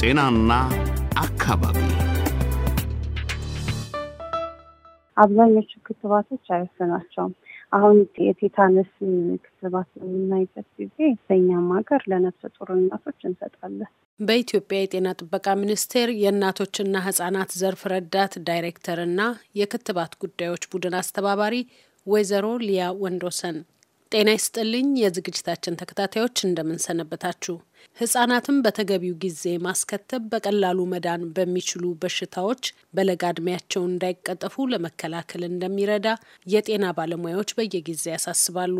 ጤናና አካባቢ አብዛኞቹ ክትባቶች አይወስናቸውም። አሁን የቴታነስ ክትባት የምናይበት ጊዜ በእኛም ሀገር ለነፍሰ ጡር እናቶች እንሰጣለን። በኢትዮጵያ የጤና ጥበቃ ሚኒስቴር የእናቶችና ህጻናት ዘርፍ ረዳት ዳይሬክተር ና የክትባት ጉዳዮች ቡድን አስተባባሪ ወይዘሮ ሊያ ወንዶሰን ጤና ይስጥልኝ የዝግጅታችን ተከታታዮች እንደምንሰነበታችሁ። ህጻናትን በተገቢው ጊዜ ማስከተብ በቀላሉ መዳን በሚችሉ በሽታዎች በለጋ እድሜያቸው እንዳይቀጠፉ ለመከላከል እንደሚረዳ የጤና ባለሙያዎች በየጊዜ ያሳስባሉ።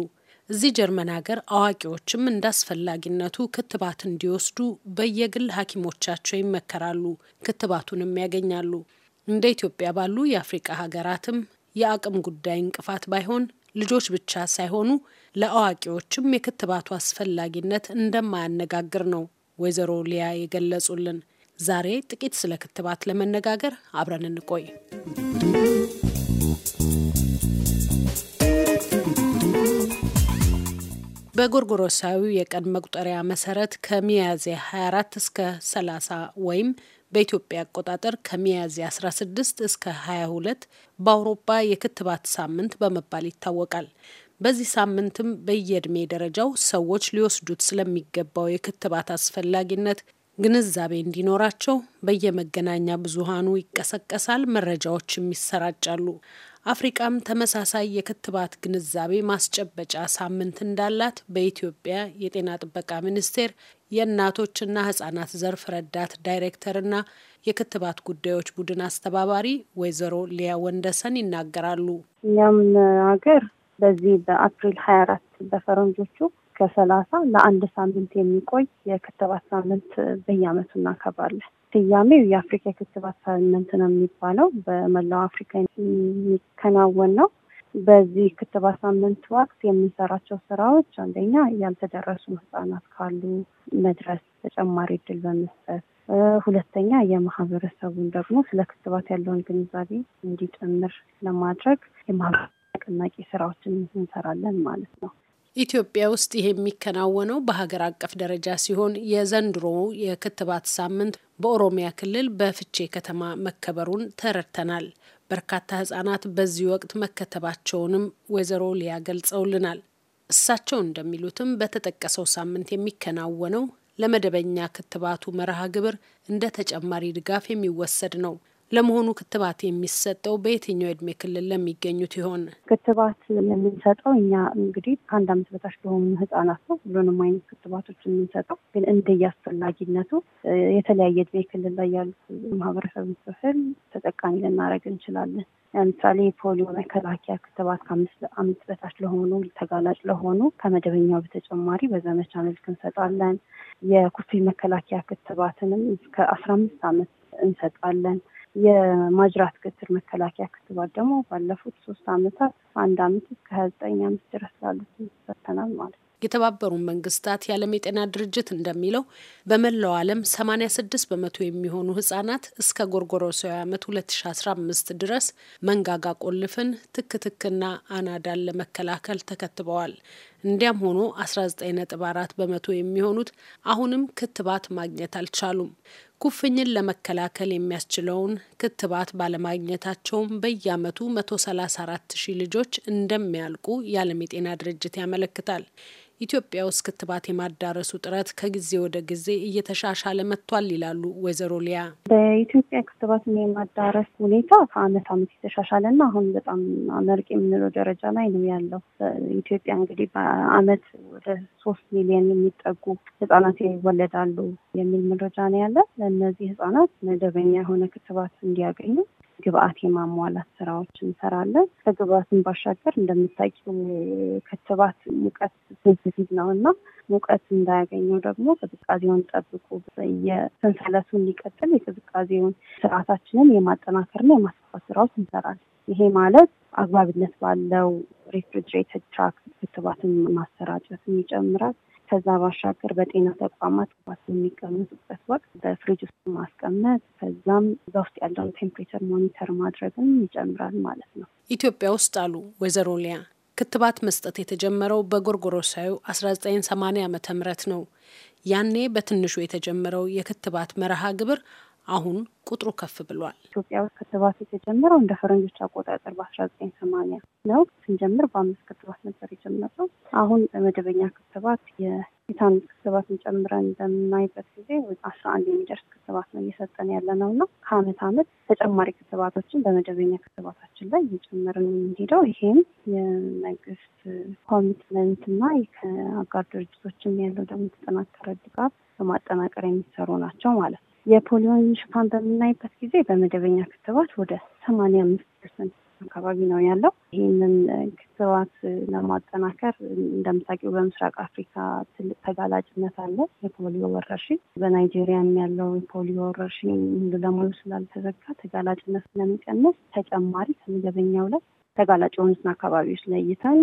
እዚህ ጀርመን ሀገር አዋቂዎችም እንደ አስፈላጊነቱ ክትባት እንዲወስዱ በየግል ሐኪሞቻቸው ይመከራሉ፣ ክትባቱንም ያገኛሉ። እንደ ኢትዮጵያ ባሉ የአፍሪቃ ሀገራትም የአቅም ጉዳይ እንቅፋት ባይሆን ልጆች ብቻ ሳይሆኑ ለአዋቂዎችም የክትባቱ አስፈላጊነት እንደማያነጋግር ነው ወይዘሮ ሊያ የገለጹልን። ዛሬ ጥቂት ስለ ክትባት ለመነጋገር አብረን እንቆይ። በጎርጎሮሳዊ የቀን መቁጠሪያ መሰረት ከሚያዝያ 24 እስከ 30 ወይም በኢትዮጵያ አቆጣጠር ከሚያዝያ 16 እስከ 22 በአውሮፓ የክትባት ሳምንት በመባል ይታወቃል። በዚህ ሳምንትም በየእድሜ ደረጃው ሰዎች ሊወስዱት ስለሚገባው የክትባት አስፈላጊነት ግንዛቤ እንዲኖራቸው በየመገናኛ ብዙሃኑ ይቀሰቀሳል፣ መረጃዎችም ይሰራጫሉ። አፍሪቃም ተመሳሳይ የክትባት ግንዛቤ ማስጨበጫ ሳምንት እንዳላት በኢትዮጵያ የጤና ጥበቃ ሚኒስቴር የእናቶችና ህጻናት ዘርፍ ረዳት ዳይሬክተርና የክትባት ጉዳዮች ቡድን አስተባባሪ ወይዘሮ ሊያ ወንደሰን ይናገራሉ። እኛም ሀገር በዚህ በአፕሪል ሀያ አራት በፈረንጆቹ እስከ ሰላሳ ለአንድ ሳምንት የሚቆይ የክትባት ሳምንት በየአመቱ እናከባለን። ስያሜው የአፍሪካ የክትባት ሳምንት ነው የሚባለው። በመላው አፍሪካ የሚከናወን ነው። በዚህ ክትባት ሳምንት ወቅት የምንሰራቸው ስራዎች አንደኛ ያልተደረሱ ህጻናት ካሉ መድረስ ተጨማሪ እድል በመስጠት፣ ሁለተኛ የማህበረሰቡን ደግሞ ስለ ክትባት ያለውን ግንዛቤ እንዲጨምር ለማድረግ የማህበረሰብ ንቅናቄ ስራዎችን እንሰራለን ማለት ነው። ኢትዮጵያ ውስጥ ይሄ የሚከናወነው በሀገር አቀፍ ደረጃ ሲሆን የዘንድሮ የክትባት ሳምንት በኦሮሚያ ክልል በፍቼ ከተማ መከበሩን ተረድተናል። በርካታ ህጻናት በዚህ ወቅት መከተባቸውንም ወይዘሮ ሊያ ገልጸውልናል። እሳቸው እንደሚሉትም በተጠቀሰው ሳምንት የሚከናወነው ለመደበኛ ክትባቱ መርሃ ግብር እንደ ተጨማሪ ድጋፍ የሚወሰድ ነው። ለመሆኑ ክትባት የሚሰጠው በየትኛው እድሜ ክልል ለሚገኙት ይሆን? ክትባት የምንሰጠው እኛ እንግዲህ ከአንድ አመት በታች ለሆኑ ህጻናት ነው ሁሉንም አይነት ክትባቶች የምንሰጠው። ግን እንደየአስፈላጊነቱ የተለያየ እድሜ ክልል ላይ ያሉት ማህበረሰብ ክፍል ተጠቃሚ ልናደርግ እንችላለን። ለምሳሌ ፖሊዮ መከላከያ ክትባት ከአምስት አመት በታች ለሆኑ ተጋላጭ ለሆኑ ከመደበኛው በተጨማሪ በዘመቻ መልክ እንሰጣለን። የኩፍኝ መከላከያ ክትባትንም እስከ አስራ አምስት አመት እንሰጣለን። የማጅራት ገትር መከላከያ ክትባት ደግሞ ባለፉት ሶስት አመታት አንድ አመት እስከ ሀያ ዘጠኝ አመት ድረስ ላሉት ሰጥተናል ማለት ነው። የተባበሩ መንግስታት የዓለም የጤና ድርጅት እንደሚለው በመላው ዓለም 86 በመቶ የሚሆኑ ህጻናት እስከ ጎርጎሮሳዊ ዓመት 2015 ድረስ መንጋጋ ቆልፍን፣ ትክትክና አናዳን ለመከላከል ተከትበዋል። እንዲያም ሆኖ 19.4 በመቶ የሚሆኑት አሁንም ክትባት ማግኘት አልቻሉም። ኩፍኝን ለመከላከል የሚያስችለውን ክትባት ባለማግኘታቸውም በየአመቱ 134 ሺህ ልጆች እንደሚያልቁ የዓለም የጤና ድርጅት ያመለክታል። ኢትዮጵያ ውስጥ ክትባት የማዳረሱ ጥረት ከጊዜ ወደ ጊዜ እየተሻሻለ መጥቷል ይላሉ ወይዘሮ ሊያ። በኢትዮጵያ ክትባት የማዳረስ ሁኔታ ከአመት አመት የተሻሻለ እና አሁን በጣም አመርቂ የምንለው ደረጃ ላይ ነው ያለው። ኢትዮጵያ እንግዲህ በአመት ወደ ሶስት ሚሊዮን የሚጠጉ ህጻናት ይወለዳሉ የሚል መረጃ ነው ያለ። ለእነዚህ ህጻናት መደበኛ የሆነ ክትባት እንዲያገኙ ግብአት የማሟላት ስራዎች እንሰራለን። ከግብአትን ባሻገር እንደምታውቂው ክትባት ሙቀት ሴንስቲቭ ነው እና ሙቀት እንዳያገኘው ደግሞ ቅዝቃዜውን ጠብቆ የሰንሰለቱን ሊቀጥል የቅዝቃዜውን ስርዓታችንን የማጠናከርና የማስፋፋት ስራዎች እንሰራለን። ይሄ ማለት አግባብነት ባለው ሬፍሪጅሬተድ ትራክ ክትባትን ማሰራጨትን ይጨምራል። ከዛ ባሻገር በጤና ተቋማት ኳስ በሚቀመጡበት ወቅት በፍሪጅ ውስጥ ማስቀመጥ ከዛም እዛ ውስጥ ያለውን ቴምፕሬቸር ሞኒተር ማድረግም ይጨምራል ማለት ነው። ኢትዮጵያ ውስጥ አሉ ወይዘሮ ሊያ ክትባት መስጠት የተጀመረው በጎርጎሮሳዊ 1980 ዓ ም ነው። ያኔ በትንሹ የተጀመረው የክትባት መርሃ ግብር አሁን ቁጥሩ ከፍ ብሏል። ኢትዮጵያ ውስጥ ክትባት የተጀመረው እንደ ፈረንጆች አቆጣጠር በአስራ ዘጠኝ ሰማኒያ ነው። ስንጀምር በአምስት ክትባት ነበር የጀመረው። አሁን መደበኛ ክትባት የቲታኖስ ክትባትን ጨምረን በምናይበት ጊዜ አስራ አንድ የሚደርስ ክትባት ነው እየሰጠን ያለ ነው እና ከአመት አመት ተጨማሪ ክትባቶችን በመደበኛ ክትባታችን ላይ እየጨመርን የምንሄደው ይሄም የመንግስት ኮሚትመንት እና ከአጋር ድርጅቶችም ያለው ደግሞ የተጠናከረ ድጋፍ በማጠናቀር የሚሰሩ ናቸው ማለት ነው። የፖሊዮን ሽፋን በምናይበት ጊዜ በመደበኛ ክትባት ወደ ሰማንያ አምስት ፐርሰንት አካባቢ ነው ያለው። ይህንን ክትባት ለማጠናከር እንደምታውቂው በምስራቅ አፍሪካ ትልቅ ተጋላጭነት አለ የፖሊዮ ወረርሽኝ። በናይጄሪያም ያለው የፖሊዮ ወረርሽኝ ሙሉ ለሙሉ ስላልተዘጋ ተጋላጭነት ስለሚቀንስ ተጨማሪ ከመደበኛው ላይ ተጋላጭ የሆኑትን አካባቢዎች ለይተን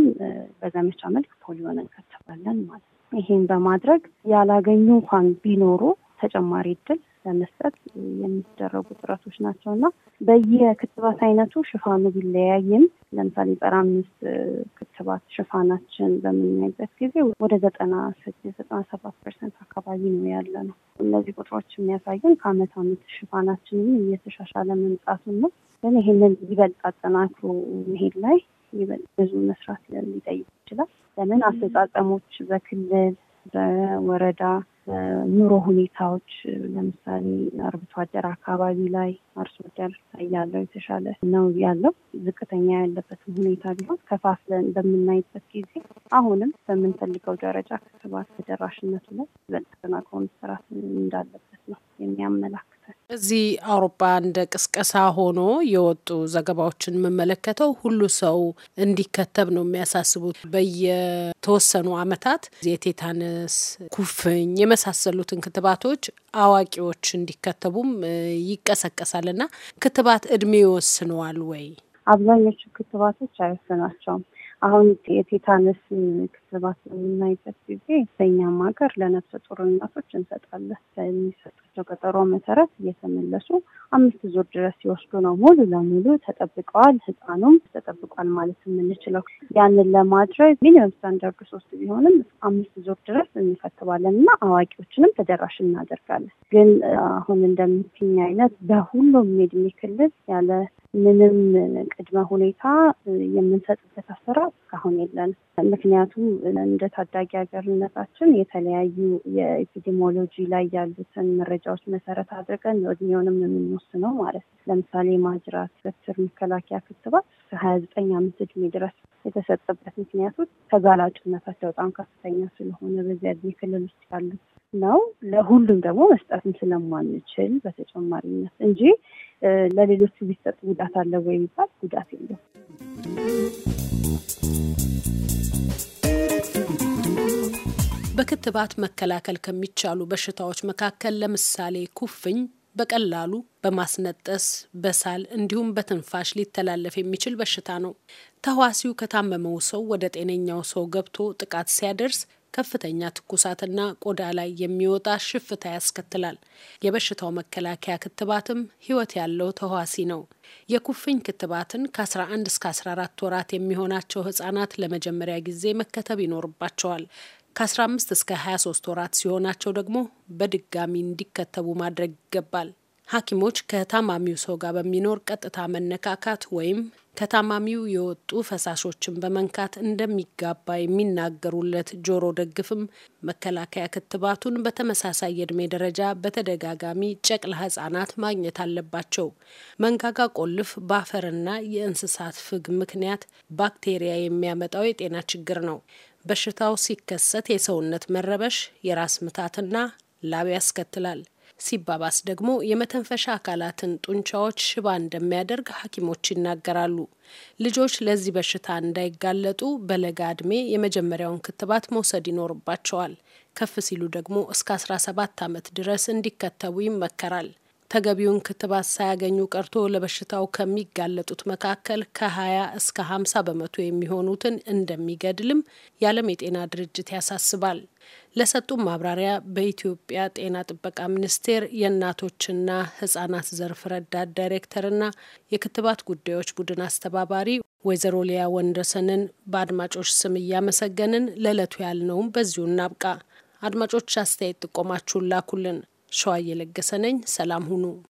በዘመቻ መልክ ፖሊዮን እንከተባለን ማለት ነው። ይህን በማድረግ ያላገኙ እንኳን ቢኖሩ ተጨማሪ እድል ለመስጠት የሚደረጉ ጥረቶች ናቸው እና በየክትባት አይነቱ ሽፋኑ ቢለያይም ለምሳሌ ጸረ አምስት ክትባት ሽፋናችን በምናይበት ጊዜ ወደ ዘጠና ስድስት ዘጠና ሰባት ፐርሰንት አካባቢ ነው ያለ ነው። እነዚህ ቁጥሮች የሚያሳየን ከአመት አመት ሽፋናችንም እየተሻሻለ መምጣቱን ነው። ግን ይህንን ይበልጥ አጠናክሮ መሄድ ላይ ብዙ መስራት ሊጠይቅ ይችላል። ለምን አፈጻጸሞች በክልል በወረዳ ኑሮ ሁኔታዎች ለምሳሌ አርብቶ አደር አካባቢ ላይ አርሶ አደር ያለው የተሻለ ነው ያለው። ዝቅተኛ ያለበትም ሁኔታ ቢሆን ከፋፍለን በምናይበት ጊዜ አሁንም በምንፈልገው ደረጃ ክትባት ተደራሽነቱ ላይ ከሆኑ ስራት እንዳለበት ነው የሚያመላክ እዚህ አውሮፓ እንደ ቅስቀሳ ሆኖ የወጡ ዘገባዎችን የምመለከተው ሁሉ ሰው እንዲከተብ ነው የሚያሳስቡት። በየተወሰኑ አመታት የቴታነስ፣ ኩፍኝ የመሳሰሉትን ክትባቶች አዋቂዎች እንዲከተቡም ይቀሰቀሳል እና ክትባት እድሜ ይወስነዋል ወይ? አብዛኞቹ ክትባቶች አይወስናቸውም። አሁን የቴታነስ ክትባት በምናይበት ጊዜ በእኛም ሀገር ለነፍሰ ጡር እናቶች እንሰጣለን። የሚሰጡ በተሰጣቸው ቀጠሮ መሰረት እየተመለሱ አምስት ዙር ድረስ ሲወስዱ ነው ሙሉ ለሙሉ ተጠብቀዋል። ህፃኑም ተጠብቋል ማለት የምንችለው ያንን ለማድረግ ሚኒመም ስታንዳርዱ ሶስት ቢሆንም አምስት ዙር ድረስ እንፈትባለን እና አዋቂዎችንም ተደራሽ እናደርጋለን። ግን አሁን እንደምትኝ አይነት በሁሉም የዕድሜ ክልል ያለ ምንም ቅድመ ሁኔታ የምንሰጥበት አሰራር እስካሁን የለን። ምክንያቱም እንደ ታዳጊ ሀገርነታችን የተለያዩ የኤፒዲሞሎጂ ላይ ያሉትን መረጃዎች መሰረት አድርገን እድሜውንም የምንወስነው ማለት ነው። ለምሳሌ ማጅራት፣ በትር መከላከያ ክትባት ከሀያ ዘጠኝ አመት እድሜ ድረስ የተሰጠበት ምክንያቶች ተጋላጭነታቸው በጣም ከፍተኛ ስለሆነ በዚያ እድሜ ክልል ውስጥ ያሉት ነው። ለሁሉም ደግሞ መስጠትም ስለማንችል በተጨማሪነት እንጂ ለሌሎቹ ቢሰጥ ጉዳት አለ ወይ የሚባል ጉዳት የለም። በክትባት መከላከል ከሚቻሉ በሽታዎች መካከል ለምሳሌ ኩፍኝ በቀላሉ በማስነጠስ በሳል እንዲሁም በትንፋሽ ሊተላለፍ የሚችል በሽታ ነው። ተዋሲው ከታመመው ሰው ወደ ጤነኛው ሰው ገብቶ ጥቃት ሲያደርስ ከፍተኛ ትኩሳትና ቆዳ ላይ የሚወጣ ሽፍታ ያስከትላል። የበሽታው መከላከያ ክትባትም ህይወት ያለው ተዋሲ ነው። የኩፍኝ ክትባትን ከ11 እስከ 14 ወራት የሚሆናቸው ህጻናት ለመጀመሪያ ጊዜ መከተብ ይኖርባቸዋል። ከ15 እስከ 23 ወራት ሲሆናቸው ደግሞ በድጋሚ እንዲከተቡ ማድረግ ይገባል። ሐኪሞች ከታማሚው ሰው ጋር በሚኖር ቀጥታ መነካካት ወይም ከታማሚው የወጡ ፈሳሾችን በመንካት እንደሚጋባ የሚናገሩለት ጆሮ ደግፍም መከላከያ ክትባቱን በተመሳሳይ የእድሜ ደረጃ በተደጋጋሚ ጨቅላ ህጻናት ማግኘት አለባቸው። መንጋጋ ቆልፍ በአፈርና የእንስሳት ፍግ ምክንያት ባክቴሪያ የሚያመጣው የጤና ችግር ነው። በሽታው ሲከሰት የሰውነት መረበሽ፣ የራስ ምታትና ላብ ያስከትላል። ሲባባስ ደግሞ የመተንፈሻ አካላትን ጡንቻዎች ሽባ እንደሚያደርግ ሐኪሞች ይናገራሉ። ልጆች ለዚህ በሽታ እንዳይጋለጡ በለጋ ዕድሜ የመጀመሪያውን ክትባት መውሰድ ይኖርባቸዋል። ከፍ ሲሉ ደግሞ እስከ 17 ዓመት ድረስ እንዲከተቡ ይመከራል። ተገቢውን ክትባት ሳያገኙ ቀርቶ ለበሽታው ከሚጋለጡት መካከል ከ20 እስከ 50 በመቶ የሚሆኑትን እንደሚገድልም የዓለም የጤና ድርጅት ያሳስባል። ለሰጡም ማብራሪያ በኢትዮጵያ ጤና ጥበቃ ሚኒስቴር የእናቶችና ህጻናት ዘርፍ ረዳት ዳይሬክተርና የክትባት ጉዳዮች ቡድን አስተባባሪ ወይዘሮ ሊያ ወንደሰንን በአድማጮች ስም እያመሰገንን ለዕለቱ ያልነውም በዚሁ እናብቃ። አድማጮች አስተያየት ጥቆማችሁን ላኩልን። ሸዋ እየለገሰ ነኝ። ሰላም ሁኑ።